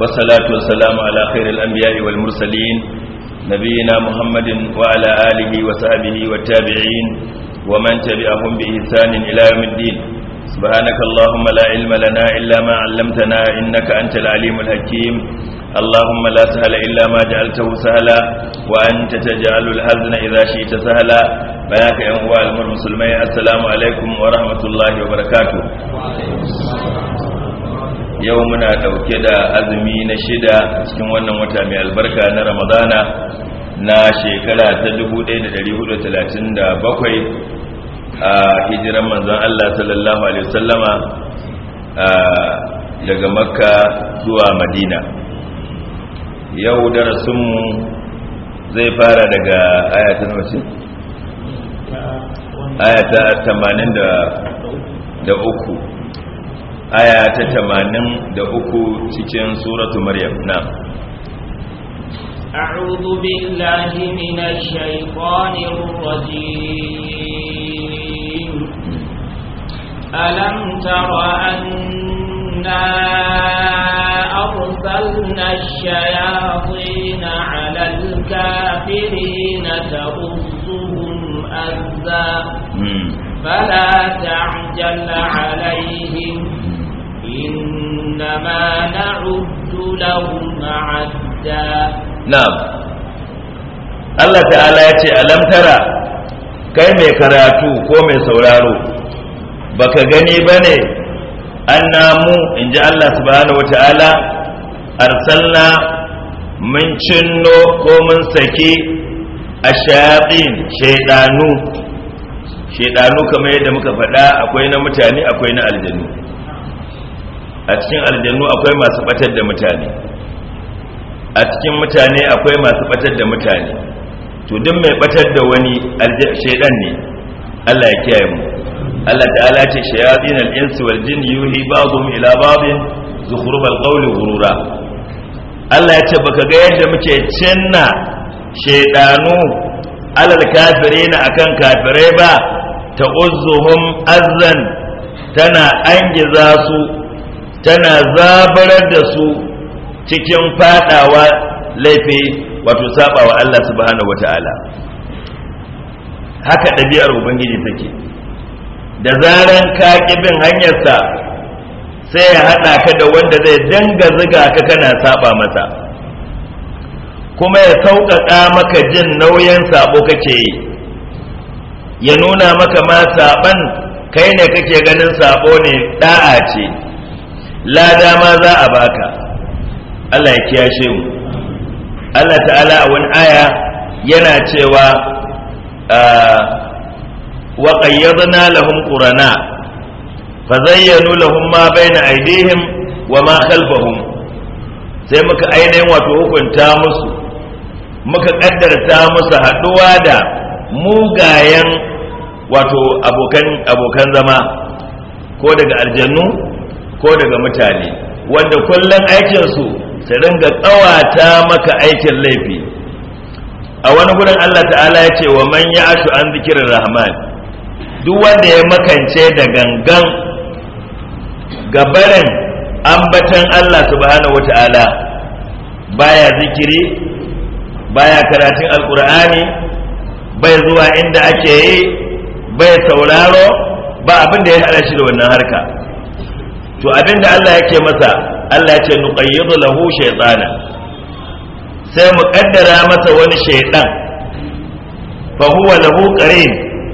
والصلاة والسلام على خير الأنبياء والمرسلين نبينا محمد وعلى آله وصحبه والتابعين ومن تبعهم بإحسان إلى يوم الدين سبحانك اللهم لا علم لنا إلا ما علمتنا إنك أنت العليم الحكيم اللهم لا سهل إلا ما جعلته سهلا وأنت تجعل الحزن إذا شئت سهلا بياك يا أموال المسلمين السلام عليكم ورحمة الله وبركاته yau muna dauke da azumi na shida cikin wannan wata mai albarka na ramadana na shekara ta 1437 a hijiran manzon Allah sallallahu alaihi wasallama daga makka zuwa madina yau darasinmu zai fara daga ayatun wasu ayata 83 aya ta tamanin da uku cikin suratu maryam na a'udhu billahi minash shaitanir rajim alam tara anna arsalna ash-shayatina 'ala al-kafirina tahussuhum azza hmm. fala ta'jal 'alayhim إنما نعد لهم عدا نعم Allah ta'ala ya ce alam kai mai karatu ko mai sauraro baka gani bane an namu in ji Allah subhanahu wata'ala arsalna mun cinno ko mun saki a shaɗin shaidanu shaidanu kamar yadda muka faɗa akwai na mutane akwai na aljanu a cikin aljannu akwai masu batar da mutane a cikin mutane akwai masu batar da mutane to duk mai batar da wani shaidan ne Allah ya kiyaye mu Allah ta'ala ce shayatin al insu wal jin yuhi ba'dhum ila ba'dhin al-qawl ghurura Allah ya ce baka ga yadda muke cinna shaydanu alal kafirina akan kafirai ba ta azzan tana angiza su tana zabarar da su cikin fadawa laifi wato saba wa Allah subhanahu wata'ala haka ɗabi'ar ubangiji take da zaran ka bin hanyarsa sai ya haɗa ka da wanda zai danga ziga ka kana saba masa kuma ya sauƙaƙa maka jin nauyin sabo kake yi ya nuna maka ma saban kai ne kake ganin sabo ne ɗa'a ce lada ma za a baka Allah ya kiyashe mu Allah ta'ala a wani aya yana cewa ah, wa qayyadna lahum qurana zayyanu lahum ma bayna aydihim wa ma khalfahum sai muka ainihin wato hukunta musu muka kaddarta musu haduwa da mugayen wato abokan abokan zama ko daga aljannu ko daga mutane wanda kullum aikinsu su ringa ƙawata maka aikin laifi a wani gudun Allah ta'ala ya ce wa man ya ashu an zikirin rahman duk wanda ya makance da gangan gabarin ambatan Allah subhanahu wa ta'ala baya zikiri baya karatun alkur'ani bai zuwa inda ake yi bai sauraro ba abin da ya hada shi da wannan harka to abinda Allah yake masa Allah ya ce nuqayyidu lahu shaytana sai mu kaddara masa wani shaytan fa huwa lahu qarin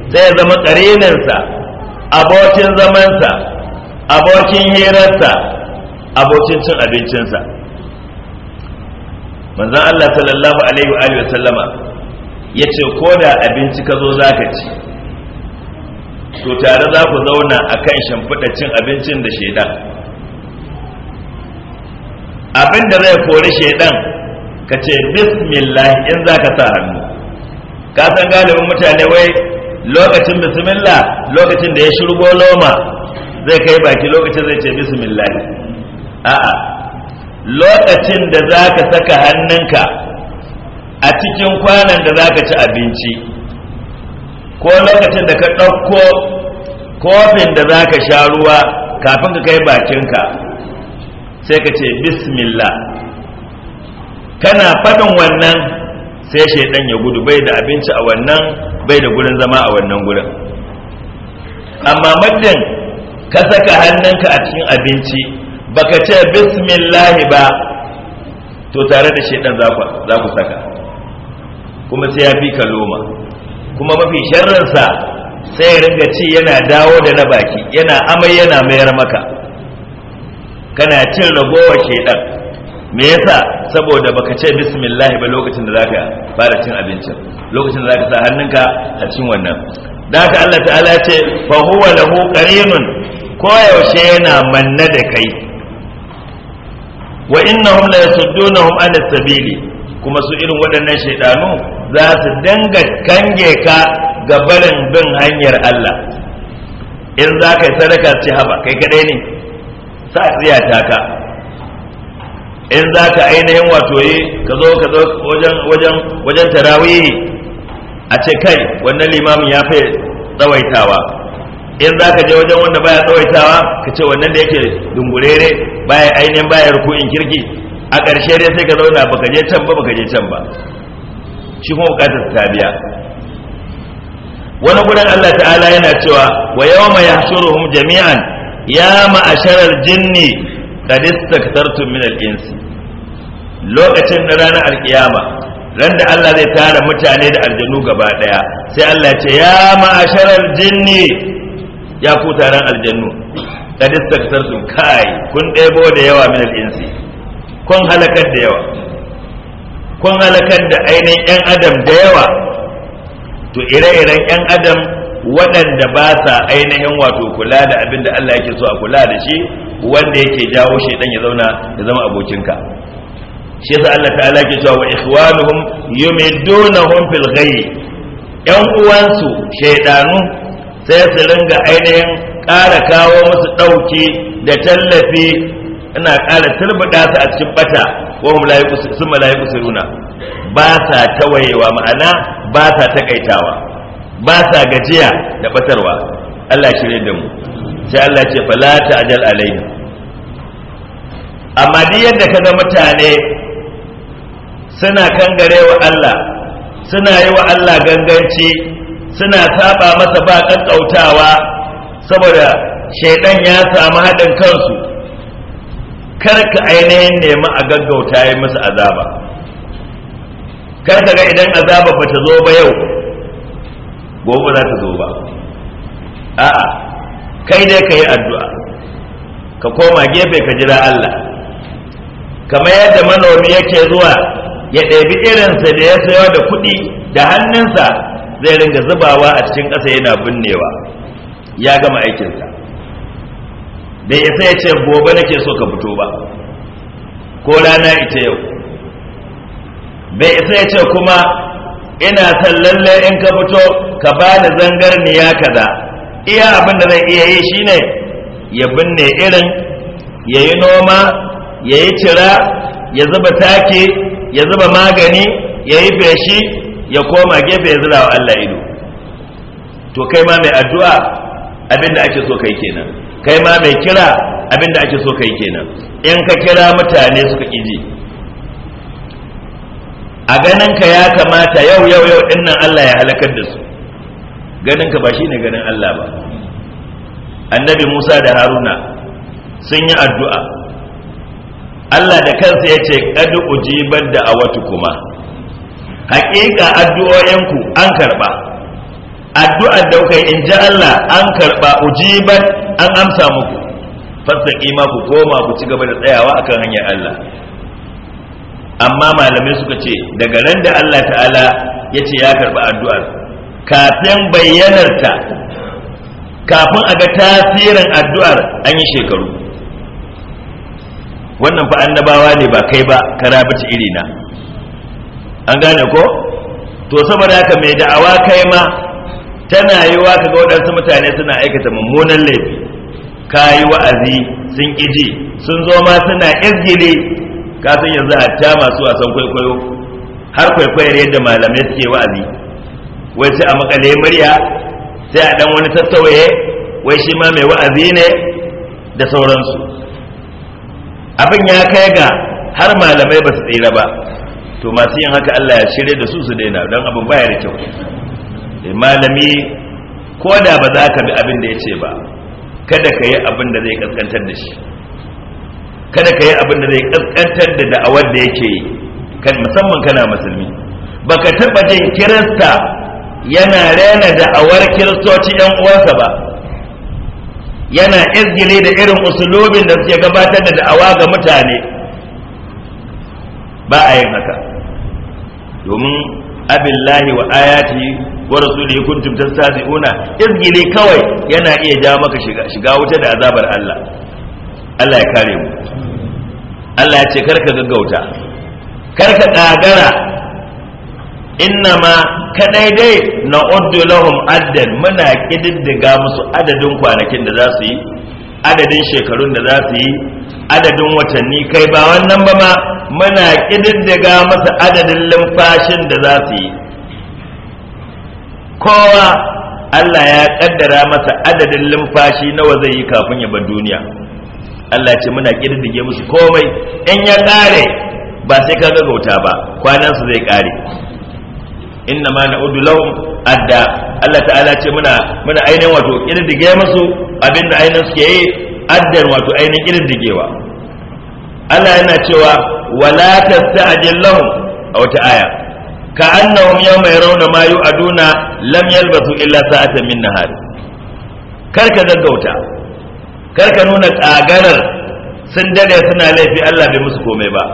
sai ya zama qarinansa abokin zamansa abokin hirarsa abokin cin abincinsa manzon Allah sallallahu alaihi wa sallama yace ko da abinci ka zo zaka ci to tare za ku zauna a kan shimfiɗa cin abincin da shaidan abin da zai kori shaidan ka ce bismillah in za ka sa hannu ka san galibin mutane wai lokacin bismillah lokacin da ya shirgo loma zai kai baki lokacin zai ce bismillah a'a lokacin da za ka saka hannunka a cikin kwanan da za ka ci abinci ko lokacin da ka ɗauko kofin da za ka sha ruwa kafin ka kai bakinka sai ka ce bismillah kana faɗin wannan sai shaidan ya gudu bai da abinci a wannan bai da gurin zama a wannan gurin amma muddin ka saka hannunka a cikin abinci baka ce bismillah ba to tare da shaidan za ku saka kuma sai ya fi ka loma kuma mafi sharrinsa sai ya ringa ci yana dawo da na baki yana amai yana mayar maka kana cin ragowar shedan me yasa saboda baka ce bismillah ba lokacin da zaka fara cin abincin lokacin da zaka sa hannunka a cin wannan da haka Allah ta'ala ce fa huwa lahu qarinun koyaushe yana manne da kai wa innahum la yasuddunahum ala sabili kuma su irin waɗannan shaydanu za su dinga kange ka ga barin bin hanyar Allah in za ka yi sadaka ce haba kai kaɗai ne sa tsiya ta ka in za ka ainihin wato yi ka zo ka zo wajen wajen wajen tarawihi a ce kai wannan limamin ya fi tsawaitawa in za ka je wajen wanda baya tsawaitawa ka ce wannan da yake dungurere baya ainihin baya rukunin kirki a ƙarshe dai sai ka zauna baka je can ba baka je can ba shi kuma bukatar tabiya wani gudan Allah ta'ala yana cewa wa yau yawma yahshuruhum jami'an ya ma'asharar jinni da istaktartum min al lokacin da ranar alkiyama ran da Allah zai tara mutane da aljanu gaba daya sai Allah ya ce ya ma'asharar jinni ya ku taron aljanu qad tartun kai kun ɗebo da yawa min insi kun halakar da yawa kun halakar da ainihin 'yan adam da yawa to ire-iren 'yan adam waɗanda ba sa ainihin wato kula da abin da Allah yake so a kula da shi wanda yake jawo shi dan ya zauna da zama abokinka shi yasa Allah ta'ala ke cewa wa ikhwanuhum yumidunahum fil ghayyi yan uwansu shaydanu sai su ringa ainihin ƙara kawo musu ɗauki da tallafi ina ƙara turbida su a cikin bata wa hum sun runa ba sa tawayewa ma'ana ba sa takaitawa ba sa gajiya da batarwa Allah shirye da mu sai Allah ce fala ajal alaina amma duk yadda kaga mutane suna kangarewa Allah suna yi wa Allah ganganci suna saba masa ba kakkautawa saboda shaidan ya samu haɗin kansu karka ainihin nemi a gaggauta yi musu azaba karka ga idan azaba ba ta zo ba yau gobe za ta zo ba a'a kai dai ka yi addu'a ka koma gefe ka jira Allah kamar yadda manomi yake zuwa ya ɗabi irinsa da ya sayo da kuɗi da hannunsa zai ringa zubawa a cikin ƙasa yana binnewa ya gama aikinsa bai isa ya ce gobe nake so ka fito ba ko rana ita yau bai isa ya ce kuma ina san lalle in ka fito ka bani niya kaza iya abin da zan iya yi shine ya binne irin ya yi noma ya yi cira ya zuba taki ya zuba magani ya yi feshi ya koma gefe ya zura wa Allah ido to kai ma mai addu'a abinda ake so kai kenan kai ma mai kira abinda ake so kai kenan in ka kira mutane suka ƙiji a ganinka ya kamata yau yau yau dinnan Allah ya halakar da su ganinka ba shine ganin Allah ba annabi Musa da Haruna sun yi addu'a Allah da kansa ya ce kad ujibar da kuma. haƙiƙa addu'o'inku an karba addu'ar da kuka in ji Allah an karba ujibar an amsa muku ma ku koma ku ci gaba da tsayawa akan hanyar Allah amma malamai suka ce daga ran da Allah ta'ala ya ce ya karɓi addu'ar kafin bayyanarta kafin a ga tasirin addu'ar an yi shekaru wannan fa annabawa ne ba kai ba karabici iri na an gane ko to saboda haka mai da'awa kai ma tana yiwa kaga waɗansu mutane suna aikata mummunan laifi kayi wa'azi sun ƙiji sun zo ma suna izgili ka san yanzu ta masu wasan kwaikwayo har kwaikwayar yadda malamai suke wa'azi wai sai a makale murya sai a dan wani tattauye wai shi ma mai wa'azi ne da sauransu abin ya kai ga har malamai ba su tsira ba to masu yin haka Allah ya shirya da su su daina don abin baya da kyau eh, malami ko da ba za ka bi abin da ya ce ba kada ka yi abin da zai kaskantar da shi kada ka yi abin da zai kaskantar da da'awar da yake yi kan musamman kana musulmi baka taba jin kirista yana rena da'awar kiristoci yan uwansa ba yana izgile da irin usulobin da suke gabatar da da'awa ga mutane ba a yin haka domin lahi wa ayati wa rasuli kuntum tastahzi'una izgili kawai yana iya ja maka shiga shiga wuta da azabar Allah Allah ya kare mu Allah ya ce karka gaggauta karka kagara innama kadai dai na uddu lahum addan muna kididdiga musu adadin kwanakin da za su yi adadin shekarun da za su yi adadin watanni kai ba wannan ba ma muna kididdiga masa adadin lumfashin da za su yi kowa Allah ya kaddara masa adadin lumfashi nawa zai yi kafin ya bar duniya Allah ce muna kirdige musu komai in ya kare ba sai ka gauta ba kwanan su zai kare inna ma na'udu lahum adda Allah ta'ala ce muna muna ainihin wato kirdige musu abinda ainihin suke yi addan wato ainihin kirdigewa Allah yana cewa wala tasta'jil lahum a wata aya ka annahum yawma yarawna ma yu'aduna lam yalbasu illa sa'atan min nahar kar ka gaggauta nuna kagarar sun dare suna laifi Allah bai musu komai ba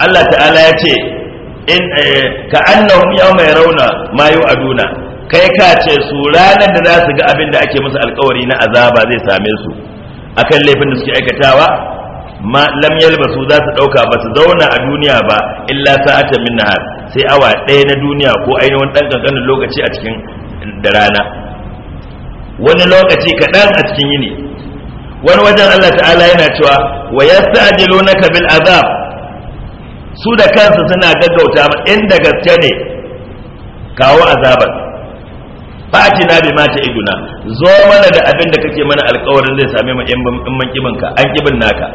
Allah ta'ala ya ce in eh, ka annahum yawma yarawna ma yu'aduna kai ka ce su ranar da za su ga abin da ake musu alkawari na azaba zai same su akan laifin da suke aikatawa ma lam yalbasu za su dauka ba su zauna a duniya ba illa sa'atan min nahar sai awa ɗaya na duniya ko ainihin ɗan ƙanƙanin lokaci a cikin da rana wani lokaci kaɗan a cikin yini wani wajen Allah ta'ala yana cewa wa ya na kabil azab su da kansu suna gaggauta ma inda gaske ne kawo azabar fatina bi mata iduna zo mana da abin da kake mana alkawarin zai same mu in man kibinka an kibin naka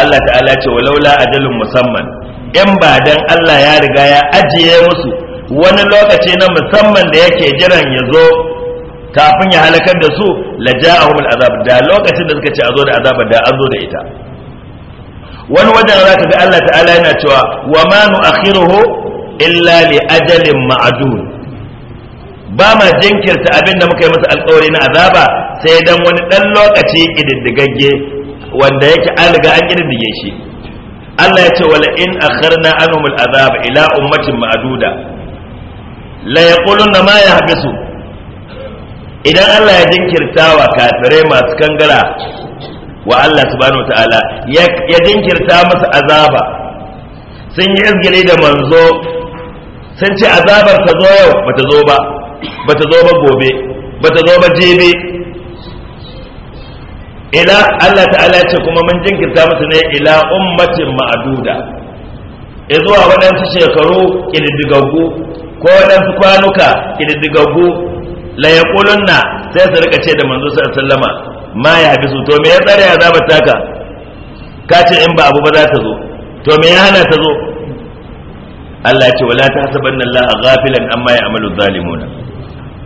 Allah ta'ala ce walaula ajalun musamman in ba dan Allah ya riga ya ajiye musu wani lokaci na musamman da yake jiran ya zo kafin ya halakar da su la ja'ahum al'azab da lokacin da suka ce a da azaba da an zo da ita wani wajen za ka ga Allah ta'ala yana cewa wa ma nu'akhiruhu illa li ajalin ma'dud ba ma jinkirta abin da muka yi masa alƙawari na azaba sai dan wani dan lokaci kididdigagge wanda yake an riga an kididdige shi Allah ya ce wala in akharna anhum al'azab ila ummatin ma'duda la yaquluna ma yahbisu idan Allah ya jinkirtawa kafirai masu kangara wa Allah subhanahu wataala ya jinkirta musu azaba sun yi izgili da manzo sun ce azabar ta zo yau bata zo ba bata zo ba gobe bata zo ba jibi ila Allah ta'ala ce kuma mun jinkirta musu ne ila ummatin ma'aduda e zuwa waɗansu shekaru ƙididdigaggu ko waɗansu kwanuka ƙididdigaggu la yaqulunna sai su rika ce da manzo sallallahu sallama ma ya habisu to me ya tsare zaba taka ka ce in ba abu ba za ta zo to me ya hana ta zo Allah ce wala ta hasabanna Allah ghafilan amma ya amalu zalimuna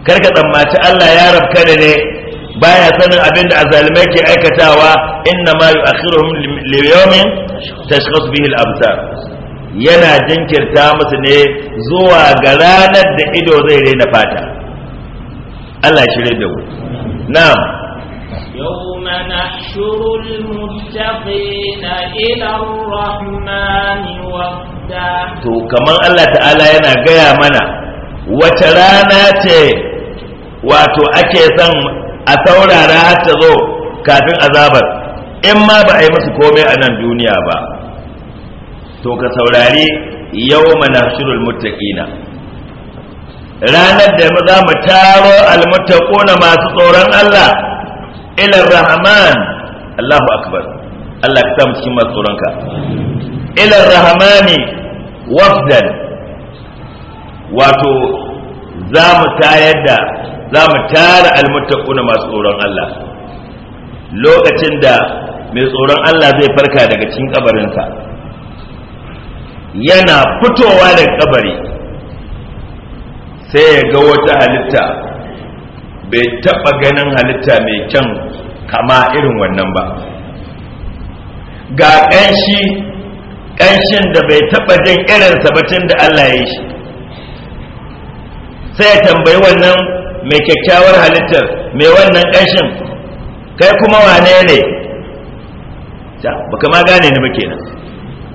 karka tsammaci Allah ya rabka ne baya sanin abin da azalimai ke aikatawa inna ma yu'akhiruhum li yawmin tashkhas bihi al-absar yana jinkirta musu ne zuwa ga ranar da ido zai rena fata Allah shirye da mu na'am يوم نحشر المتقين إلى الرحمن وفدا To kamar Allah Ta'ala yana gaya mana wace rana ce wato ake son a saurara har ta zo kafin azabar in ma ba a yi musu komai a nan duniya ba to ka saurari yau mana shirul muttaqina ranar da za mu taro na masu tsoron Allah ila rahman Allahu akbar Allah ka samu cikin masu tsoronka ila rahmani wafdan wato za mu tayar da za mu tara almuttaquna masu tsoron Allah lokacin da mai tsoron Allah zai farka daga cikin kabarinsa yana fitowa daga kabari sai ya ga wata halitta bai taɓa ganin halitta mai kyan kama irin wannan ba ga ƙanshi ƙanshin da bai taba jin irin sabatin da Allah ya yi shi sai ya tambayi wannan mai kyakkyawar halittar mai wannan ƙashin kai kuma wane ne baka ma gane ni ba kenan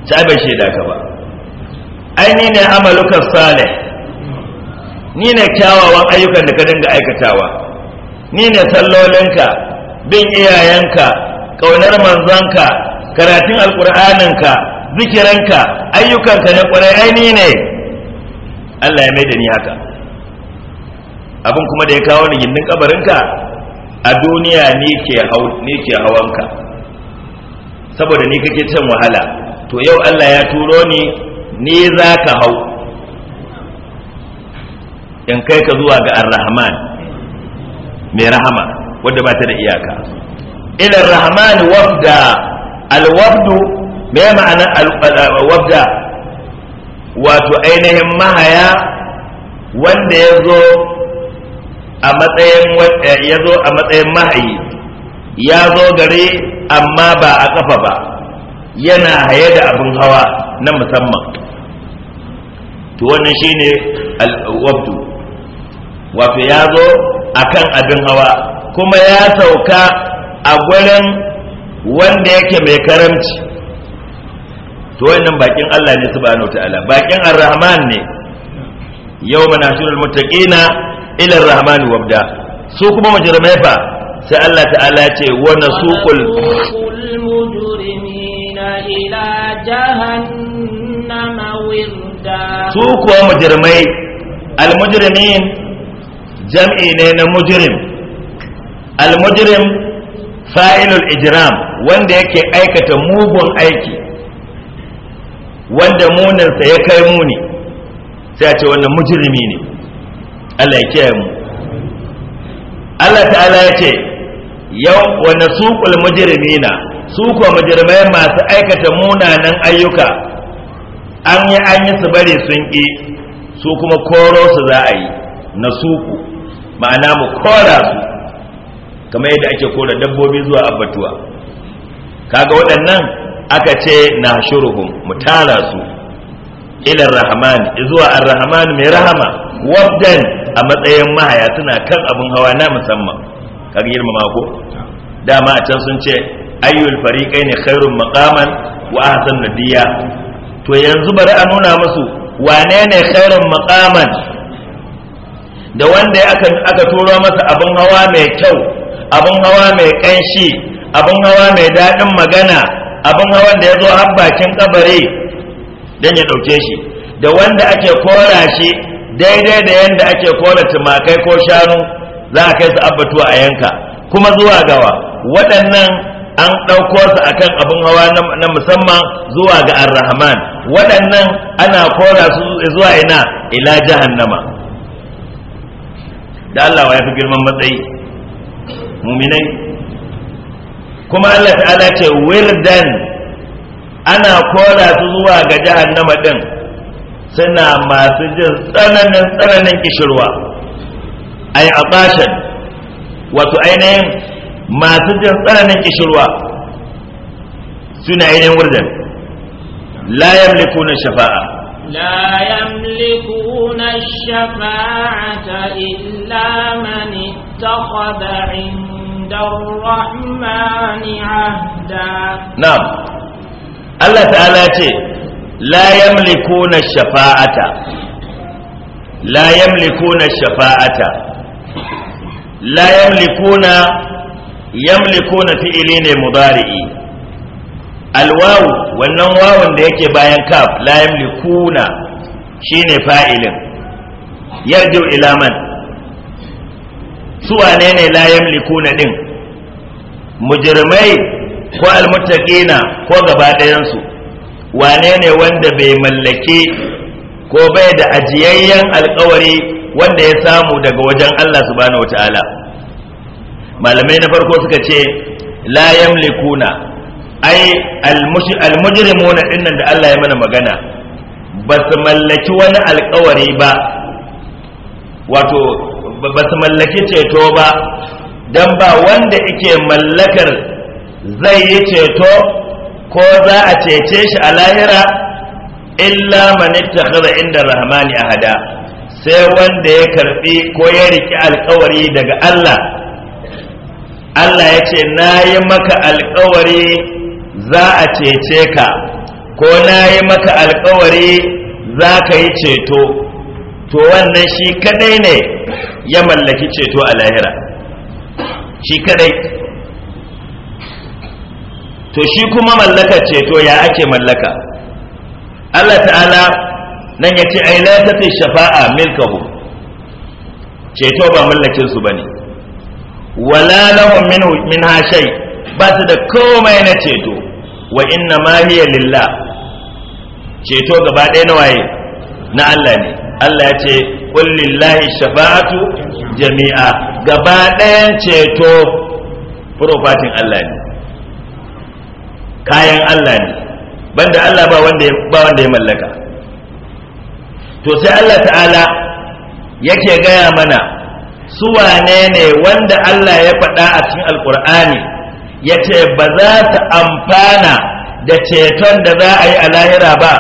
ta bai shaida ka ba Ai ni ne amalukan salih ni ne kyawawan ayyukan da ka dinga aikatawa ni ne sallolinka bin iyayenka ƙaunar manzanka karatun alƙur'aninka zikiranka ayyukanka na ƙwarai ni ne Allah ya mai da ni haka abin kuma da ya kawo ni gindin kabarinka a duniya ne ke hawanka saboda ni kake cin wahala to yau Allah ya turo ni ni za ka hau in kai ka zuwa ga ar-rahman mai rahama wadda ba ta da iyaka ila ar-rahman wafda al-wafdu me ma'ana al-wafda wato ainihin mahaya wanda ya zo a matsayin eh, ya zo a matsayin mahayi ya zo gare amma ba a kafa ba yana haye da abin hawa na musamman to wannan shine al'abdu wato ya zo a kan abin hawa kuma ya sauka a gurin wanda yake mai karamci to wannan bakin Allah ne subhanahu ta'ala bakin ar-rahman ne yau mana muttaqina ilar rahmanu wabda su kuma mujrimai fa sai Allah ta'ala ya ce wa nasuqul mujrimina ila wirda su kuma mujrimai al mujrimin jam'i ne na mujrim al mujrim fa'ilul ijram wanda yake aikata mugun aiki wanda munansa ya kai muni sai a ce wannan mujrimi ne Allah ya kiyaye mu Allah ta'ala ya ce yau wa nasuqul mujrimina su ko mujrimai masu aikata munanan ayyuka an yi an yi su bare sun ki su kuma koro su za a yi nasuku ma'ana mu kora su kamar yadda ake kora dabbobi zuwa abbatuwa kaga waɗannan aka ce na shuruhum mu tara su ilar rahman zuwa ar-rahman mai rahama wabdan a matsayin mahaya suna kan abin hawa na musamman ka girmama ko dama a can sun ce ayyul fariqai ne khairun maqaman wa ahsan nadiya to yanzu bari a nuna musu wane ne khairun maqaman da wanda aka aka turo masa abin hawa mai kyau abin hawa mai kanshi abin hawa mai daɗin magana abin hawan da ya zo har bakin kabare dan ya ɗauke shi da wanda ake kora shi daidai da yadda ake kora tumakai ko shanu za a kai su abbatuwa a yanka kuma zuwa gawa waɗannan an ɗauko su akan abin hawa na musamman zuwa ga arrahman waɗannan ana kora su zuwa ina ila jahannama da Allah ya fi girman matsayi muminai kuma Allah ta'ala ce wirdan ana kora su zuwa ga jahannama din suna masu jin tsananin tsananin kishirwa ai abashan wato ainihin masu jin tsananin kishirwa suna ainihin wurdan la na shafa'a La لا يملكون الشفاعة إلا من اتخذ عند الرحمن عهدا نعم الله ce. la yamlikuna shafa'ata la yamlikuna shafa'ata la yamlikuna yamlikuna fi'ili ne mudari'i alwawu wannan wawan da yake bayan kaf la yamlikuna shine fa'ilin yarju ila man su wane ne la yamlikuna din mujrimai ko almuttaqina ko gaba ɗayan su wane ne wanda bai mallaki ko bai da ajiyayyen alkawari wanda ya samu daga wajen Allah subhanahu wataala malamai na farko suka ce la yamlikuna ai almujrimuna dinnan da Allah ya mana magana ba su mallaki wani alkawari ba wato ba su mallaki ceto ba don ba wanda ike mallakar zai yi ceto ko za a cece shi a lahira illa man ittakhadha inda rahmani ahada sai wanda ya karbi ko ya riki alkawari daga Allah Allah ya ce na yi maka alkawari za a cece ka ko na yi maka alkawari za ka yi ceto to wannan shi kadai ne ya mallaki ceto a lahira shi kadai to shi kuma mallakar ceto ya ake mallaka Allah ta'ala nan ya ce ai tafi shafa'a milkahu ceto ba mallakin su bane wala lahum minhu minha shay ba su da komai na ceto wa inna ma hiya lillah ceto gaba ɗaya na waye na Allah ne Allah ya ce qul lillahi shafa'atu jami'a gaba ɗayan ceto profatin Allah ne kayan Allah ne banda Allah ba wanda ba wanda ya mallaka to sai Allah ta'ala yake gaya mana su wane ne wanda Allah ya faɗa a cikin alkur'ani yace ba za ta amfana da ceton da za a yi a lahira ba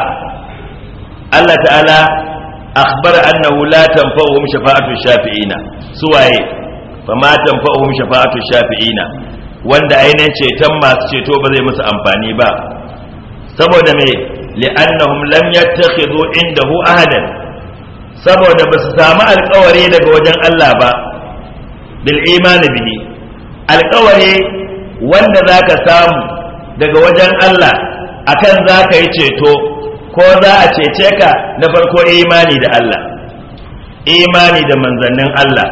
Allah ta'ala akhbara annahu la tanfa'uhum shafa'atu shafi'ina su waye fa ma tanfa'uhum shafa'atu shafi'ina wanda ainihin ceton masu ceto ba zai musu amfani ba saboda mai li'annahum lam yattakhidhu indahu ahadan saboda ba su samu alkawari daga wajen Allah ba bil imani bihi alkawari wanda zaka samu daga wajen Allah akan zaka yi ceto ko za a cece ka na farko imani da Allah imani da manzannin Allah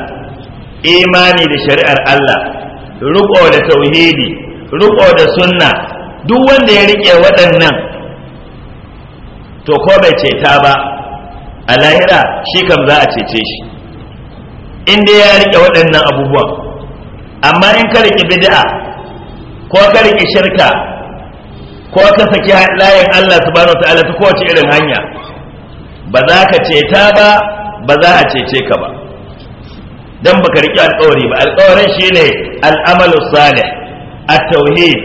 imani da shari'ar Allah ruko da tauhidi ruko da sunna duk wanda ya rike waɗannan to ko bai ceta ba a lahira shi kam za a cece shi in dai ya rike waɗannan abubuwan amma in ka rike bid'a ko ka rike shirka ko ka saki layin Allah subhanahu wataala ta kowace irin hanya ba za ka ceta ba ba za a cece ka ba dan baka riƙe alƙawari ba alƙawarin shine al'amalu salih at-tauhid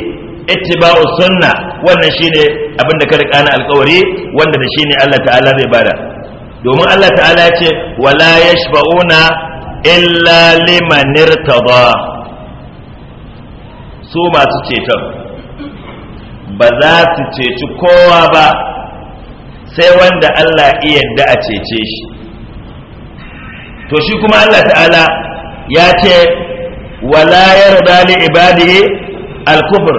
ittiba'u sunna wannan shine abinda ka riƙa na alƙawari wanda da shine Allah ta'ala zai bada domin Allah ta'ala ya ce wala yashba'una illa liman irtada su masu ceton ba za su ceci kowa ba sai wanda Allah iya da a cece shi to shi kuma Allah ta'ala ya ce wala yarda li ibadi al-kufr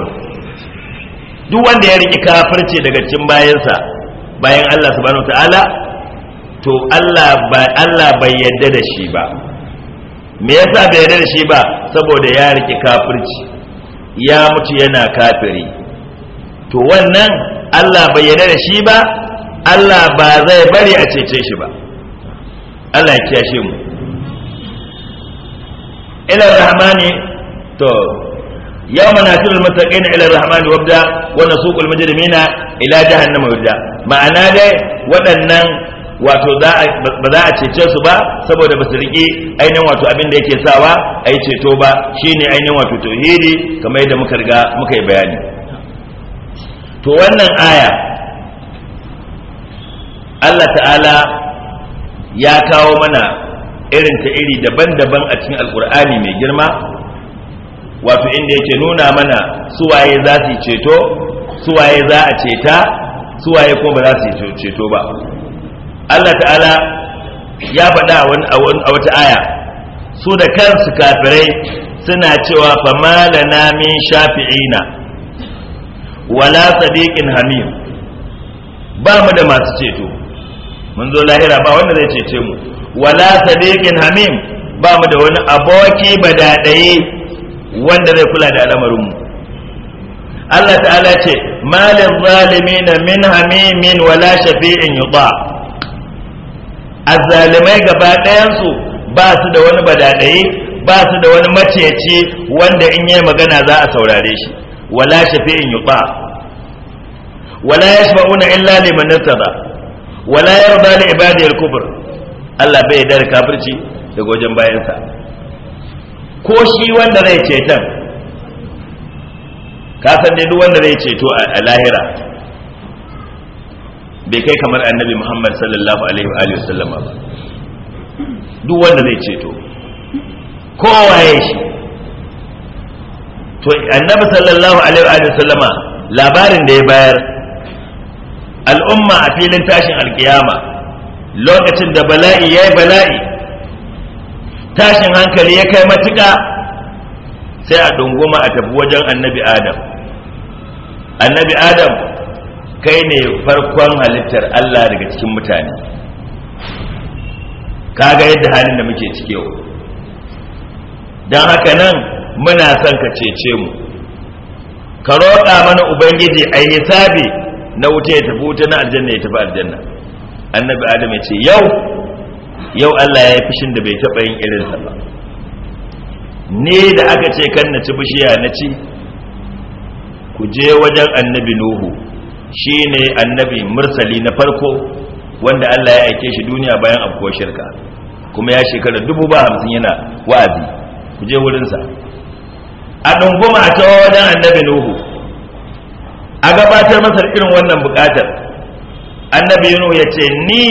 duk wanda ya riki kafirci daga cikin bayansa bayan Allah subhanahu ta'ala to Allah ba Allah bai yarda da shi ba me yasa bai yarda da shi ba saboda ya riki kafirci ya mutu yana kafiri to wannan Allah bai yarda da shi ba Allah ba zai bari a cece shi ba Allah ya kiyashe mu ila rahmani to yawma nasirul muttaqina ila rahmani wabda wa nasuqul mujrimina ila jahannama wabda ma'ana dai waɗannan wato ba za a cece su ba saboda ba su riƙe ainihin wato abin da yake sawa a yi ceto ba shine ainihin wato tauhidi kamar yadda muka riga muka yi bayani to wannan aya Allah ta'ala ya kawo mana irin ta iri daban-daban a cikin alkur'ani mai girma wato inda yake nuna mana suwaye za su ceto suwaye za a ceta suwaye ko ba za su ceto ba Allah ta'ala ya faɗa a wata aya su da kansu kafirai suna cewa fama lana min shafi'ina wala sadiqin hamim ba mu da masu ceto mun zo lahira ba wanda zai cece mu wala sadiqin hamim ba mu da wani aboki badadaye wanda zai kula da al'amarin mu Allah ta'ala ce malin zalimin min hamimin wala shafi'in yuta azzalimai gaba ɗayansu ba su da wani badadaye ba su da wani maciyaci wanda in yi magana za a saurare shi wala shafi'in yuta wala yashba'una illa liman nasara wala yarda li ibadi al kubra Allah bai yarda da kafirci daga wajen bayansa ko shi wanda zai ceton ka san dai duk wanda zai ceto a lahira bai kai kamar annabi Muhammad sallallahu alaihi wa sallama ba duk wanda zai ceto kowaye shi to annabi sallallahu alaihi wa sallama labarin da ya bayar al'umma a filin tashin alkiyama lokacin da bala'i ya yi bala'i tashin hankali ya kai matuka sai a dunguma a tafi wajen annabi adam annabi adam kai ne farkon halittar allah daga cikin mutane kaga yadda halin da muke ciki yau don haka nan muna son ka cece mu ka roƙa mana ubangiji a hisabi na wuta ya tafi wuta na aljanna ya tafi aljanna annabi adam ya ce yau yau Allah ya yi fushin da bai taɓa yin irinsa ba ne da aka ce kan na ci bishiya na ci ku je wajen annabi nuhu shi ne annabi mursali na farko wanda Allah ya aike shi duniya bayan afkuwar shirka kuma ya shekara dubu ba hamsin yana wa'azi ku je wurinsa a ɗunguma a tawa wajen annabi nuhu a gabatar masar irin wannan buƙatar annabi nuhu ya ce ni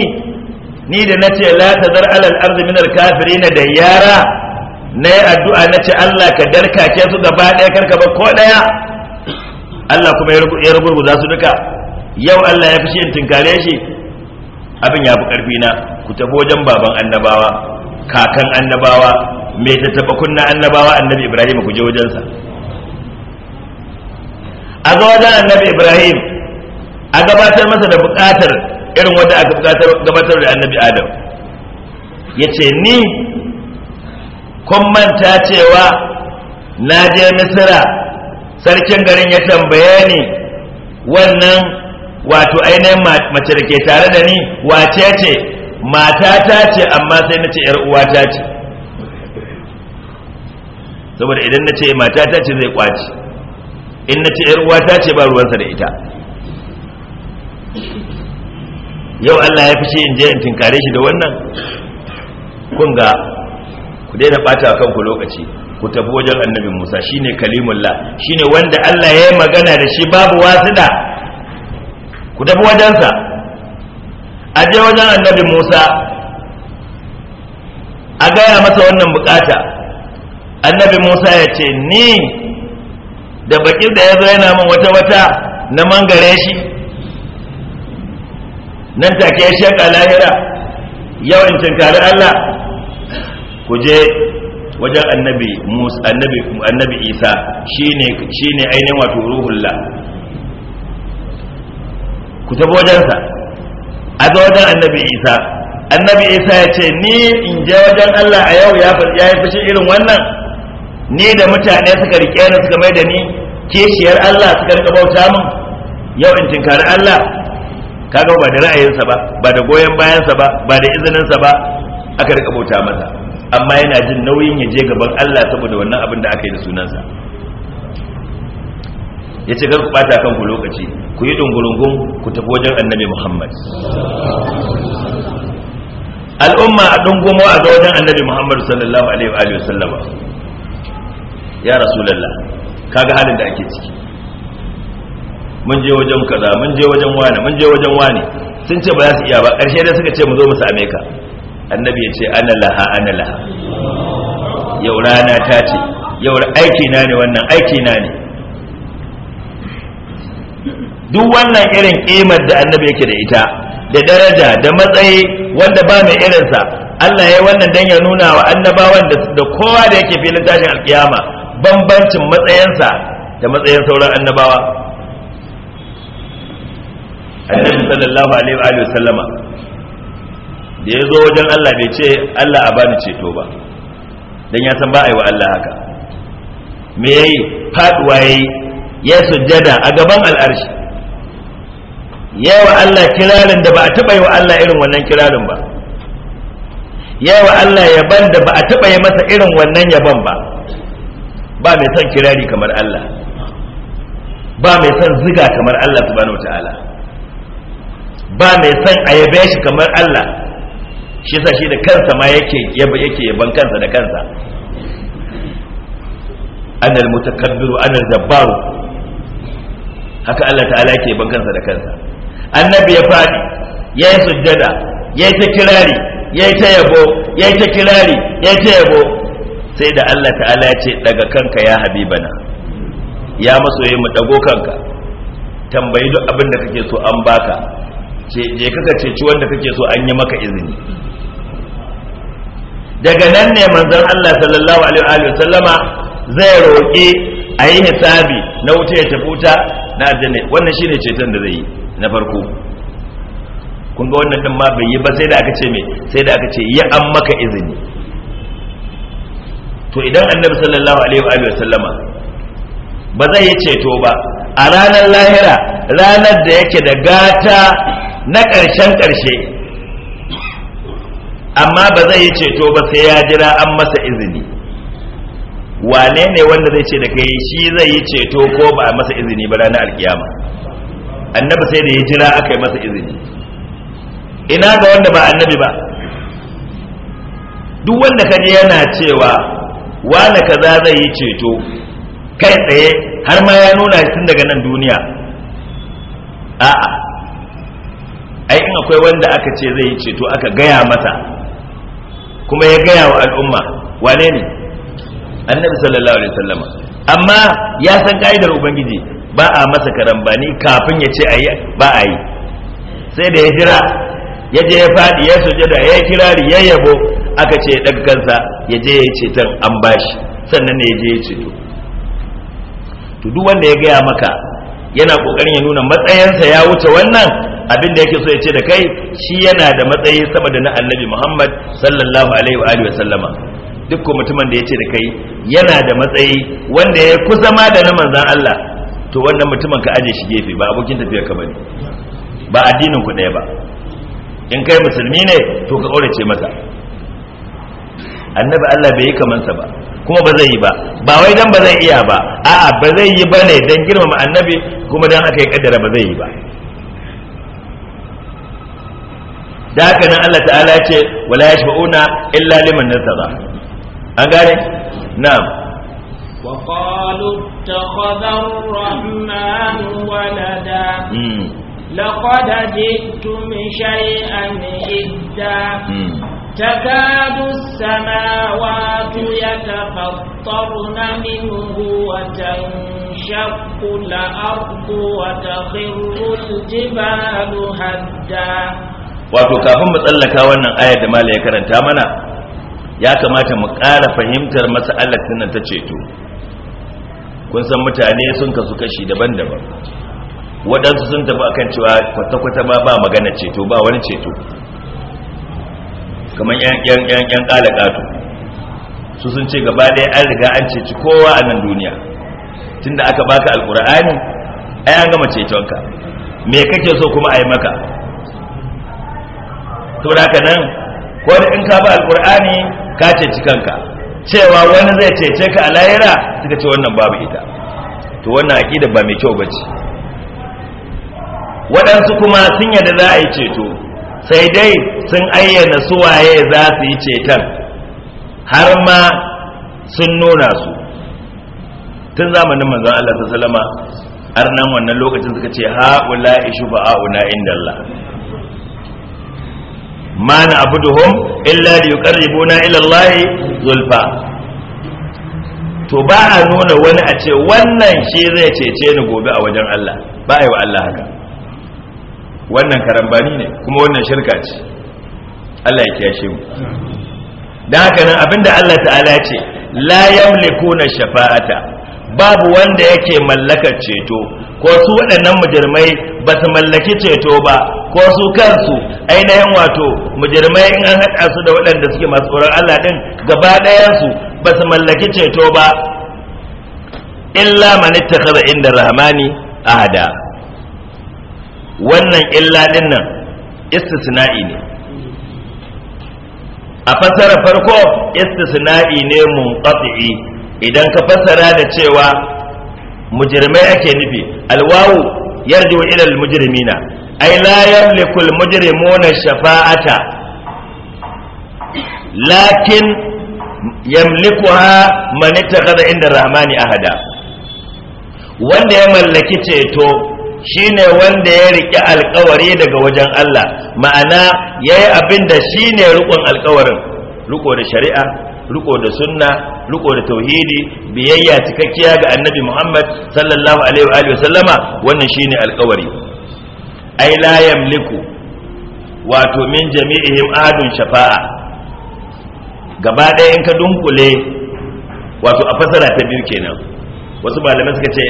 ni da na ce la tazar alal ardi min al da yara na yi addu'a nace Allah ka ke su gaba ɗaya karka ba ko ɗaya Allah kuma ya za su duka yau Allah ya fi shi in tinkare shi abin ya fi ƙarfi na ku tafi wajen baban annabawa kakan annabawa mai tattaba kunna annabawa annabi Ibrahim ku je wajensa a ga wajen annabi Ibrahim a gabatar masa da buƙatar irin wanda aka buƙatar gabatar da annabi adam ya ce ni kun manta cewa na je misira sarkin garin ya tambaye ni wannan wato ainihin mace da ke tare da ni wace ce matata ce amma sai na ce uwata ce saboda idan na ce matata ce zai kwaci in na ce uwata ce ba ruwansa da ita yau Allah ya fi fice in je in tinkare shi da wannan kun ga ku daina bata kanku lokaci ku tafi wajen annabi Musa Shi ne kalimullah ne wanda Allah ya yi magana da shi babu wasida ku tafi wajensa a je wajen annabi Musa a gaya masa wannan bukata annabi Musa ya ce ni da bakin da ya zo yana min wata wata na mangare shi nan take ya shaka lahira yawan cinkari Allah ku je wajen annabi Musa annabi annabi Isa shine shine ainihin wato ruhullah ku tafi wajensa a zo wajen annabi Isa annabi Isa ya ce ni in je wajen Allah a yau ya ya yi fashi irin wannan ni da mutane suka rike ni suka mai da ni kishiyar Allah suka rika bauta min yau in tinkari Allah kaga ba da ra'ayinsa ba ba da goyon bayansa ba ba da izininsa ba aka rika bauta masa amma yana jin nauyin ya je gaban Allah saboda wannan abin da aka yi da sunansa ya ce kar ku bata kanku lokaci ku yi dungurungun ku tafi wajen annabi Muhammad al'umma a dungumo a ga wajen annabi Muhammad sallallahu alaihi wa sallama ya rasulullah kaga halin da ake ciki mun je wajen kaza mun je wajen wani mun je wajen wani sun ce ba za su iya ba ƙarshe dai suka ce mu zo mu same ka annabi ya ce ana laha ana laha yau rana ta ce yau aiki na ne wannan aiki na ne duk wannan irin kimar da annabi yake da ita da daraja da matsayi wanda ba mai irinsa Allah ya wannan dan ya nuna wa annabawan da kowa da yake filin tashin alkiyama bambancin matsayinsa da matsayin sauran annabawa annabi sallallahu alaihi wa sallama da ya zo wajen Allah bai ce Allah a bani ceto ba dan ya san ba a yi wa Allah haka me yayi faduwa yayi ya sujjada a gaban al'arshi yawa Allah kirarin da ba a taba yi wa Allah irin wannan kirarin ba yawa Allah yaban da ba a taba yi masa irin wannan yaban ba ba mai son kirari kamar Allah ba mai son ziga kamar Allah subhanahu ta'ala ba mai son a yabe shi kamar Allah shi sa shi da kansa ma yake yake yaban kansa da kansa anal mutakabbiru anal jabbaru haka Allah ta'ala yake yaban kansa da kansa annabi ya fadi yayi sujjada yayi ta kirari yayi ta yabo yayi ta kirari yayi ta yabo sai da Allah ta'ala ya ce daga kanka ya habibana ya masoyi mu dago kanka tambayi duk abin da kake so an baka je kaka ceci wanda kake so an yi maka izini daga nan ne manzon Allah sallallahu alaihi wa sallama zai roƙi a yi hisabi na wuta ya tafi wuta na aljanna wannan shine ceton da zai yi na farko kun ga wannan din ma bai yi ba sai da aka ce me sai da aka ce ya an maka izini to idan annabi sallallahu alaihi wa sallama ba zai yi ceto ba a ranar lahira ranar da yake da gata na ƙarshen ƙarshe amma ba zai yi ceto ba sai ya jira an masa izini wane ne wanda zai ce da kai shi zai yi ceto ko ba a masa izini ba ranar alkiyama annabi sai da ya jira aka yi masa izini ina ga wanda ba annabi ba duk wanda ka ji yana cewa wane kaza zai yi ceto kai tsaye har ma ya nuna shi tun daga nan duniya a'a ai in akwai wanda aka ce zai yi ceto aka gaya mata, kuma ya gaya wa al'umma wane ne annabi sallallahu alaihi wasallama amma ya san ka'idar ubangiji ba a masa karambani kafin ya ce ayi ba a yi sai da ya jira ya je ya faɗi ya da ya kirari ya yabo aka ce ya daga kansa ya je ya ceton an bashi sannan ne ya je ya ceto to duk wanda ya gaya maka yana kokarin ya nuna matsayinsa ya wuce wannan abin da yake so ya ce da kai shi yana da matsayi saboda na annabi Muhammad sallallahu alaihi wa wa sallama duk ko mutumin da ya ce da kai yana da matsayi wanda ya kusa ma da na manzan Allah to wannan mutumin ka aje shi gefe ba abokin tafiya ka bane ba addinin ku ɗaya ba in kai musulmi ne to ka ƙaurace masa annabi Allah bai yi kamansa ba kuma ba zai yi ba ba wai dan ba zai iya ba a'a ba zai yi bane dan girmama annabi kuma dan aka yi kaddara ba zai yi ba da haka nan Allah ta'ala ya ce wala yashfa'una illa liman nazara an gane na'am wa qalu ittakhadha ar-rahman walada laqad ji'tum shay'an idda تكاد السماوات يتفطرن منه وتنشق الأرض وتخر الجبال هدا wato kafin mu tsallaka wannan ayar da mala ya karanta mana ya kamata mu ƙara fahimtar mas'alar nan ta ceto kun san mutane sun kasu kashi daban-daban waɗansu sun tafi akan cewa kwata-kwata ba ba magana ceto ba wani ceto kamar yan ƙalaƙatu su sun ce gaba ɗaya an riga an ceci kowa a nan duniya tunda aka baka alƙur'ani ai an gama cetonka me kake so kuma a yi maka to da haka nan ko in ka ba alqur'ani ka ceci kanka cewa wani zai cece ka a lahira suka ce wannan babu ita to wannan aqida ba mai kyau bace waɗansu kuma sun yadda za a yi ceto sai dai sun ayyana suwaye za su yi ceton har ma sun nuna su tun zamanin manzon Allah ta salama har nan wannan lokacin suka ce ha'ula ishu una inda Allah ma na abuduhum illa li yuqarribuna ila Allah zulfa to ba a nuna wani a ce wannan shi zai cece ni gobe a wajen Allah ba a yi wa Allah haka wannan karambani ne kuma wannan shirka ce Allah ya kiyashe mu dan haka nan abinda Allah ta'ala ce la yamlikuna shafa'ata babu wanda yake mallakar ceto ko su waɗannan mujirmai ba su mallaki ceto ba ko su kansu ainihin wato mujirmai in an haɗa su da waɗanda suke masu tsoron Allah ɗin gaba ɗayansu ba su mallaki ceto ba illa ta kaza inda a hada. wannan illa ɗin nan istisna'i ne a fasara farko istisna'i ne munqati idan ka fasara da cewa mujirmai ake nufi alwawu yarju ila mujrimina ay la yamliku mujrimuna shafa'ata lakin yamlikuha man ittakhadha inda rahmani ahada wanda ya mallaki ceto shine wanda ya riki alƙawari daga wajen Allah ma'ana yayi abinda shine rukun alƙawarin ruko da shari'a riko da sunna riko da tauhidi biyayya cikakkiya ga annabi muhammad sallallahu alaihi wa sallama wannan shine alkawari ai la yamliku wato min jami'ihim adun shafa'a gaba ɗaya in ka dunkule wato a fasara ta biyu kenan wasu malamai suka ce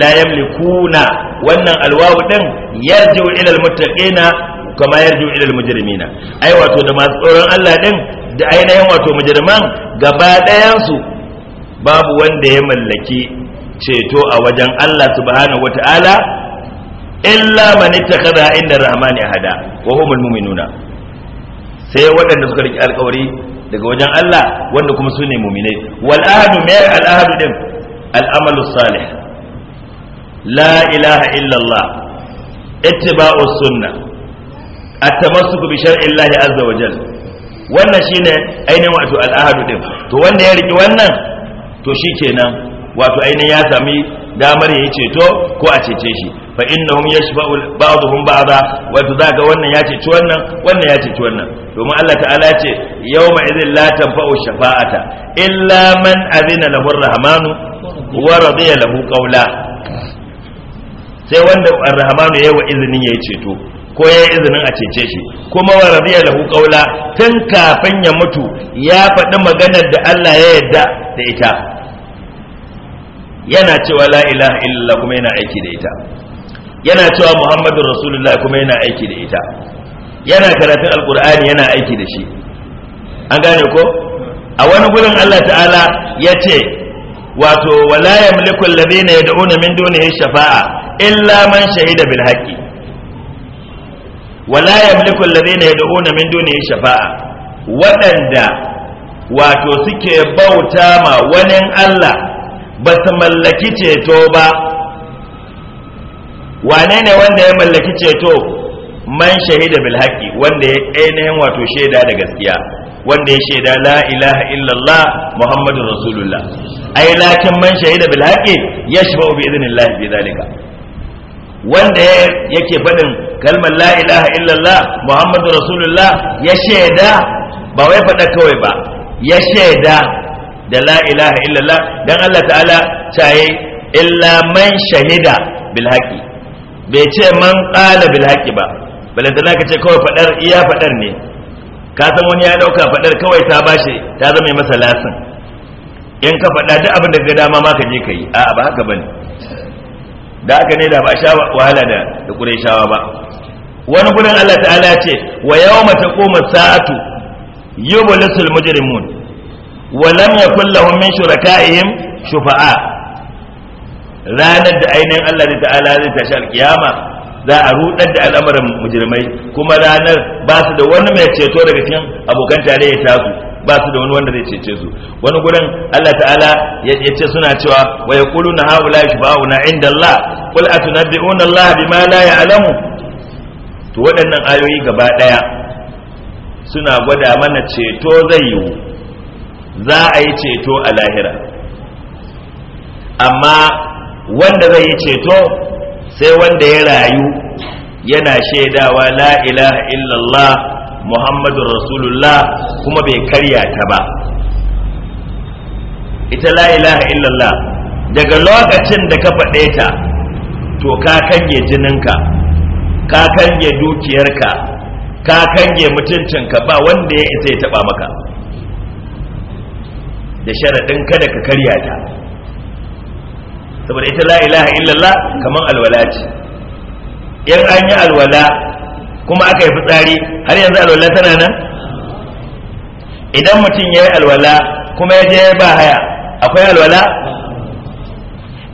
la yamlikuna wannan alwawu din yarju ila almuttaqina kama yarju ila almujrimina ai wato da masu tsoron Allah din da ainihin wato mujirman gaba ɗayansu babu wanda ya mallaki ceto a wajen Allah subhanahu wata'ala illa man ittakhadha inda rahmani ahada wa humul mu'minuna sai waɗanda suka riki alƙawari daga wajen Allah wanda kuma su ne mu'minai wal ahadu mai al ahadu din al amalu salih la ilaha illa Allah ittiba'us sunnah at-tamassuk bi shar'i Allah azza wa jalla wannan shine ainihin wato al'ahadu din to wanda ya riki wannan to shikenan wato ainihin ya sami damar ya ceto ko a cece shi fa innahum yashfa'u ba'dhum ba'dha wato zaka wannan ya ceci wannan wannan ya ceci wannan domin Allah ta'ala ce yawma idhil la tanfa'u shafa'ata illa man azina lahu ar-rahmanu wa radiya lahu qawla sai wanda ar-rahmanu yayi wa izinin ya ceto ko ya yi izinin a cece shi kuma wa rabiya lahu qawla tun kafin ya mutu ya faɗi maganar da Allah ya yarda da ita yana cewa la ilaha illallah kuma yana aiki da ita yana cewa muhammadur rasulullah kuma yana aiki da ita yana karatun alqur'ani yana aiki da shi an gane ko a wani gurin Allah ta'ala ya ce wato wala yamliku alladhina yad'una min dunihi shafa'a illa man shahida bil haqqi wala da alladhina yad'una min dunihi shafa'a waɗanda wato suke bauta ma wani Allah ba su mallaki ceto ba wane ne wanda ya mallaki ceto man shahida bilhaki? wanda ya ainihin wato shaida da gaskiya wanda ya shaida la ilaha illallah muhammadu rasulullah ai lakin man shahida bil haqqi yashfa'u bi idhnillah bi dhalika wanda yake faɗin kalmar la ilaha illallah muhammadu rasulullah ya shaida ba wai faɗa kawai ba ya shaida da la ilaha illallah dan Allah ta'ala caye illa man shahida bil bai ce man ƙala bil ba balantana ka ce kawai faɗar iya faɗar ne ka san wani ya ɗauka faɗar kawai ta bashi ta zama masa lasin in ka faɗa duk abin da ga dama ma ka je ka yi a'a ba haka bane da aka ne da ba sha wahala da da qurayshawa ba wani gurin Allah ta'ala ce wa yawma taqumu sa'atu yublasul mujrimun wa lam yakul lahum min shurakaihim shufa'a ranar da ainihin Allah ta'ala zai tashi alkiyama za a rudar da al'amarin mujrimai kuma ranar ba su da wani mai ceto daga cikin abokan tarayya tasu ba su da wani wanda zai cece su wani gurin Allah ta'ala ya ce suna cewa wa yaquluna haula na inda Allah qul atunabbi'una Allah bima la ya'lamu to waɗannan ayoyi gaba ɗaya suna gwada mana ceto zai yiwu za a yi ceto a lahira amma wanda zai yi ceto sai wanda ya rayu yana shaidawa la ilaha illallah muhammadun rasulullah kuma bai karya ta ba ita la ilaha illallah daga lokacin da ka faɗe ta to ka kange jininka ka kange dukiyarka ka kange mutuncinka ba wanda ya isa ya taɓa maka da sharaɗin kada ka karya ta saboda ita la ilaha illallah kamar alwala ce in an yi alwala kuma aka yi fitsari har yanzu alwala tana nan idan mutum ya yi alwala kuma ya je ba haya akwai alwala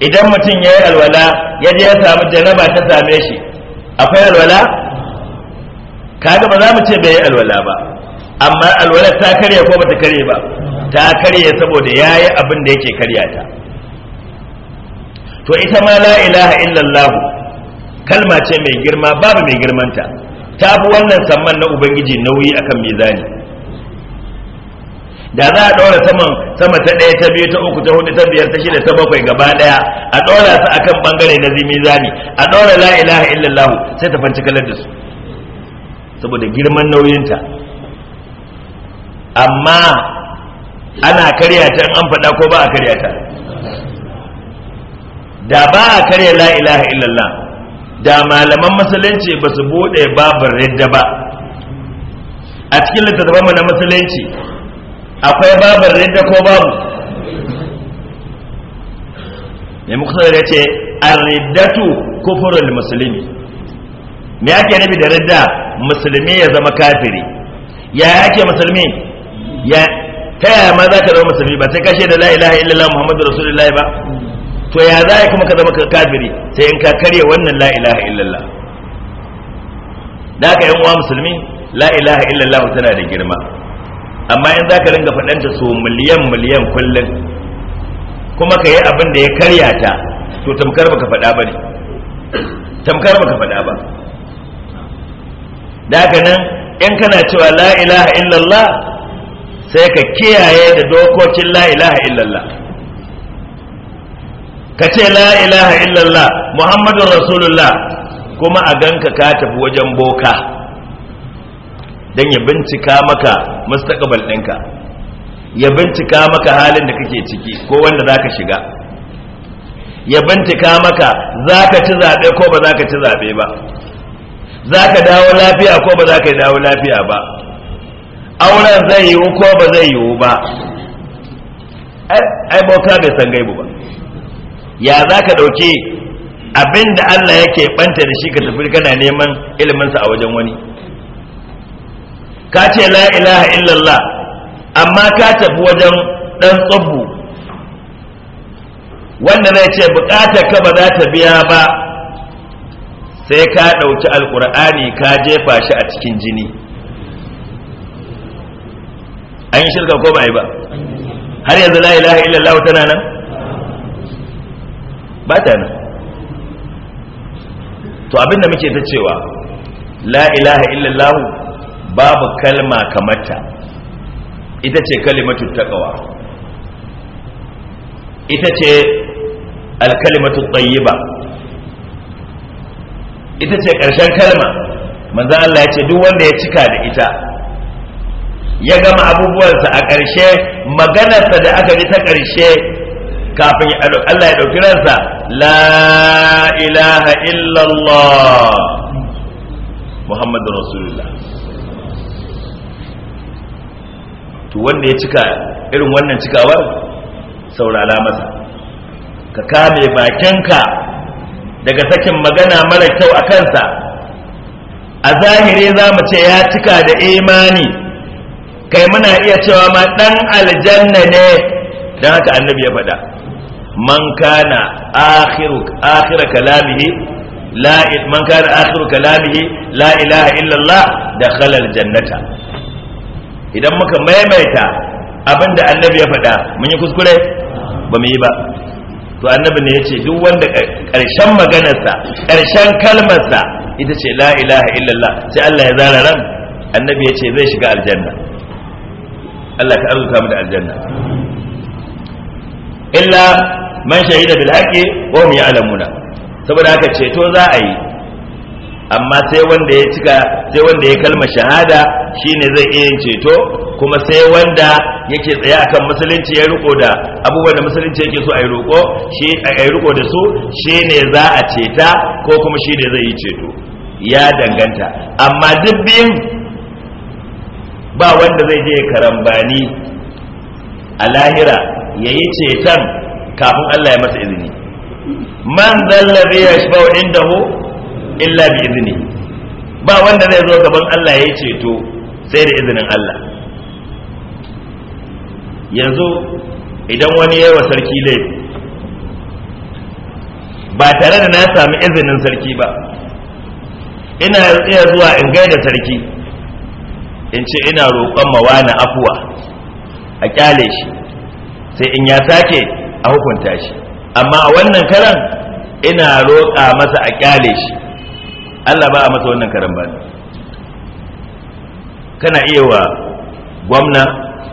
idan mutum ya yi alwala ya je ya samu jaraba ta same shi akwai alwala kaga ba za mu ce bai yi alwala ba amma alwala ta karya ko bata karya ba ta karya saboda ya yi abin da yake karya ta to ita ma la ilaha illallah kalma ce mai girma babu mai girmanta ta fi wannan samman na ubangiji nauyi akan mizani da za a ɗora saman sama ta ɗaya ta biyu ta uku ta hudu ta biyar ta shida ta bakwai gaba ɗaya a ɗora su akan bangare na mizani a ɗora la ilaha illallahu sai ta fanci kalar da su saboda girman nauyinta amma ana karya ta an faɗa ko ba a karya ta da ba a karya la ilaha illallah da malaman musulunci ba su bude babar ridda ba a cikin littattafanmu na musulunci akwai babar ridda ko babu ne muka ya ce arriddatu kufurul musulmi me ake nufi da ridda musulmi ya zama kafiri ya yake musulmi ya ta yaya ma za ka zama musulmi ba sai kashe da la ilaha illallah muhammadu rasulullahi ba to ya za kuma ka zama ka kafiri sai in ka karya wannan la ilaha illallah da aka yan uwa musulmi la ilaha illallah tana da girma amma in za ka ringa faɗanta su miliyan miliyan kullum kuma ka yi abin da ya karya ta to tamkar baka faɗa ba ne tamkar baka faɗa ba da aka nan in kana cewa la ilaha illallah sai ka kiyaye da dokokin la ilaha illallah ka ce la ilaha illallah muhammadun rasulullah kuma a ganka ka tafi wajen boka don ya bincika maka mustaqbal ɗinka ya bincika maka halin da kake ciki ko wanda za ka shiga ya bincika maka za ka ci zaɓe ko ba za ka ci zaɓe ba za ka dawo lafiya ko ba za ka dawo lafiya ba auren zai yiwu ko ba zai yiwu ba ai boka bai san gaibu ba ya za ka ɗauki abin da Allah yake ɓanta da shi ka tafi kana neman ilminsa a wajen wani ka ce la illallah amma ka tafi wajen ɗan tsubbu wanda zai ce buƙatar ka ba za ta biya ba sai ka ɗauki alƙur'ani ka jefa shi a cikin jini an yi shirka ko ba yi ba har yanzu la illallah tana nan ba ta nan to abinda muke ta cewa la ilaha illallah babu kalma kamata ita ce kalimatu taqwa ita ce alkalimatu tayyiba ita ce ƙarshen kalma manzo Allah ya ce duk wanda ya cika da ita ya gama abubuwansa a ƙarshe maganarsa da aka ji ta ƙarshe kafin Allah ya ɗauki ransa la ilaha illallah Muhammadu Rasulullah to wanda ya cika irin wannan cikawar saurala masa ka kame bakinka daga sakin magana mara kyau a kansa a zahiri za mu ce ya cika da imani kai muna iya cewa ma ɗan aljanna ne don haka annabi ya faɗa man kana akiru akhira kalamihi la man kana akhiru ilaha illa Allah dakhala aljannata idan muka maimaita abinda annabi ya faɗa mun yi kuskure ba mu yi ba to annabi ne yace duk wanda karshen maganarsa karshen kalmarsa ita ce la ilaha illallah sai Allah ya zara ran annabi ce zai shiga aljanna Allah ka arzuta mu da aljanna illa man shahida bil haqi wa hum ya'lamuna saboda haka ceto za a yi amma sai wanda ya cika sai wanda ya kalma shahada shine zai iya yin ceto kuma sai wanda yake tsaya akan musulunci ya riko da abubuwan da musulunci yake so a yi riko shi a riko da su shine za a ceta ko kuma shine zai yi ceto ya danganta amma duk biyun ba wanda zai je karambani a lahira yayi yi ceton kafin Allah ya masa izini man zallabi ya shi bawa inda ho illa bi izini ba wanda zai zo gaban Allah ya ceto sai da izinin Allah yanzu idan wani yawa sarki laifi ba tare da na sami izinin sarki ba ina iya zuwa in gaida sarki in ce ina roƙon mawa na afuwa a kyale shi sai in ya sake a hukunta shi amma a wannan karan ina roƙa masa a kyale shi Allah ba a masa wannan karan ba kana iya wa gwamna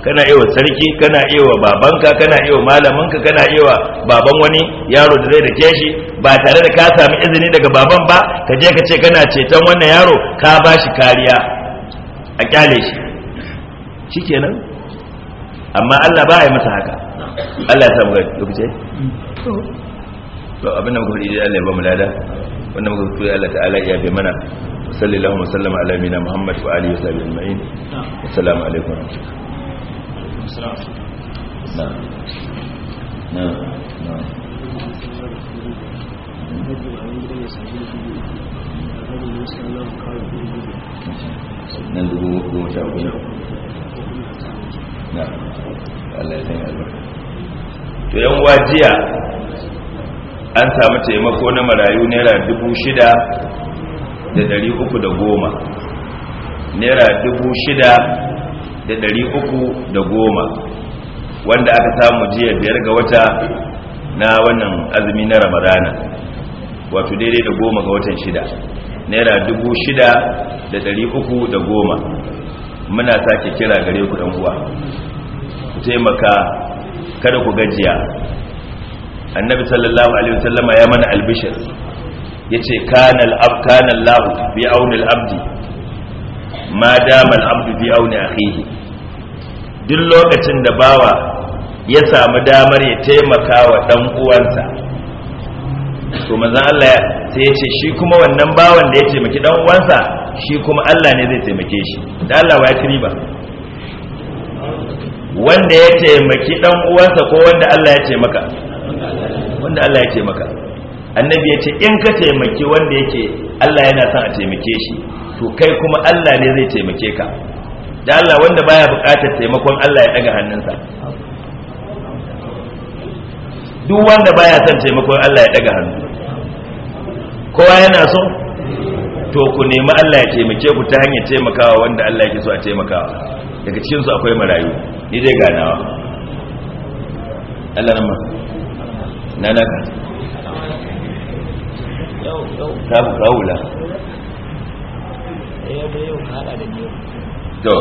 kana iya wa sarki kana iya wa babanka kana iya wa malaminka kana iya wa baban wani yaro da zai dake shi ba tare da ka sami izini daga baban ba ka je ka ce kana ceton wannan yaro ka ba shi kariya a kyale shi shikenan amma Allah ba ya masa haka Allah ya samu gani lokaci to abin da muka fadi Allah ya ba mu lada wannan muka fadi Allah ta'ala ya bi mana sallallahu alaihi wasallam ala nabiyina Muhammad wa alihi wa sahbihi ajma'in assalamu alaikum wa rahmatullahi na na na nan dubu goma sha na to yan wajiya an samu taimako na marayu naira dubu shida da dari uku da goma naira dubu shida da dari uku da goma wanda aka samu jiya biyar ga wata na wannan azumi na ramadana wato daidai da goma ga watan shida naira dubu shida da dari uku da goma muna sake kira gare ku uwa ku taimaka kada ku gajiya annabi sallallahu alaihi wasallama ya mana albishir yace kana al-ab kana Allah bi auni al-abdi ma dama al-abdu bi auni akhihi duk lokacin da bawa ya samu damar ya taimaka wa dan uwansa to manzon Allah sai yace shi kuma wannan bawan da ya taimaki dan uwansa shi kuma Allah ne zai taimake shi da Allah ba ya ba wanda ya taimaki dan uwansa ko wanda Allah ya taimaka wanda Allah ya taimaka annabi ya ce in ka taimaki wanda yake Allah yana son a taimake shi to kai kuma Allah ne zai taimake ka da Allah wanda baya buƙatar taimakon Allah ya daga hannunsa duk wanda baya son taimakon Allah ya daga hannu kowa yana so to ku nemi Allah ya taimake ku ta hanyar taimakawa wanda Allah yake so a taimakawa daga cikinsu akwai marayu ni dai ganawa Allah na na naka ta bu kawula to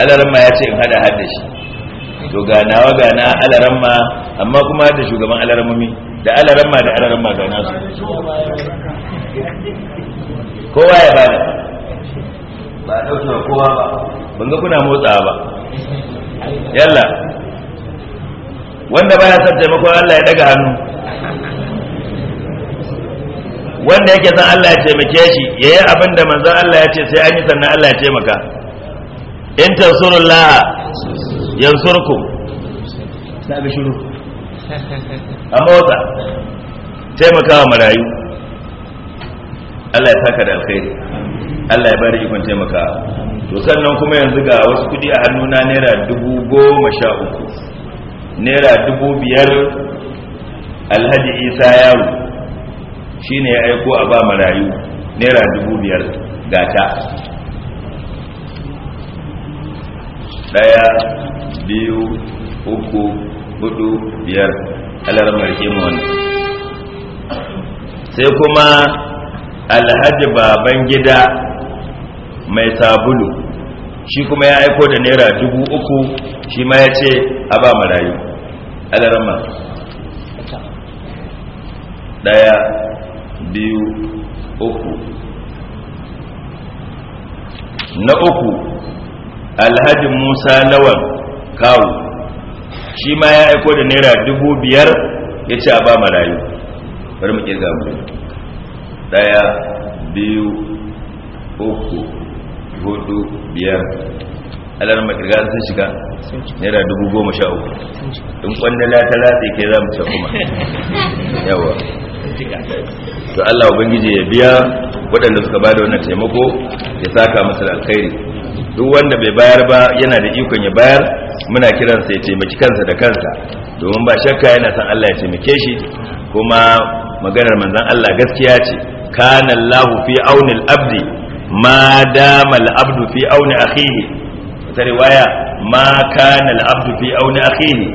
alaramma ya ce in hada hada shi to ganawa gana alaramma amma kuma da shugaban alarammi da alaramma da alaramma gana su kowa ya bada ba dauke kowa ba ban ga kuna motsa ba yalla wanda baya son taimakon Allah ya daga hannu wanda yake son Allah ya taimake shi yayi abinda da manzon Allah ya ce sai an yi sannan Allah ya taimaka in tansurullah yansurkum na ga shiru amma wata taimakawa marayu Allah ya saka da alkhairi Allah ya bari ikon taimakawa to sannan kuma yanzu ga wasu kudi a hannuna naira dubu goma sha uku naira dubu biyar alhaji isa yaro shi ne ya aiko a ba marayu naira dubu biyar gata daya biyu uku hudu biyar alarmar kimon sai kuma alhaji baban gida mai sabulu shi kuma ya aiko da naira dubu uku shi ma ya ce a ba marayu alarama daya biyu uku na uku alhaji musa lawan kawo shi ma ya aiko da naira dubu biyar ya ce a ba marayu bari mu kirga mu daya biyu uku hudu biyar alar makirga sun shiga naira dubu goma sha uku in kwandala ta latsa ke za mu ce kuma yawa to allah ubangiji ya biya waɗanda suka ba da wannan taimako ya saka masu alkhairi duk wanda bai bayar ba yana da ikon ya bayar muna kiransa ya taimaki kansa da kansa domin ba shakka yana san allah ya taimake shi kuma maganar manzan allah gaskiya ce kanallahu fi aunil abdi ma dama al'abdu fi auni akhihi ta riwaya ma kana al'abdu fi auni akhihi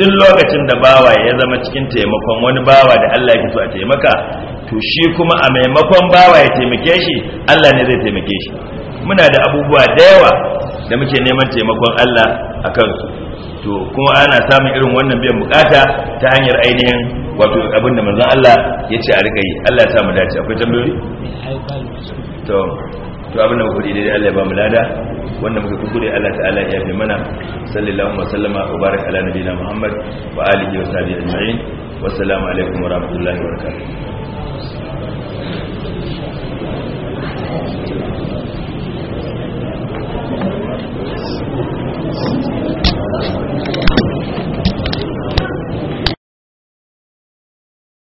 duk lokacin da bawa ya zama cikin taimakon wani bawa da Allah yake so a taimaka to shi kuma a maimakon bawa ya taimake shi Allah ne zai taimake shi muna da abubuwa da yawa da muke neman taimakon Allah akan su. to kuma ana samun irin wannan biyan bukata ta hanyar ainihin wato abinda manzon Allah ya ce a rika yi Allah ya sa mu dace akwai tambayoyi to to abinda muka dai Allah ya ba mu lada wanda muka kuskure Allah ta'ala ya yafe mana sallallahu alaihi wasallama wa baraka ala nabiyina Muhammad wa alihi wa sahbihi ajma'in wassalamu alaikum wa rahmatullahi wa barakatuh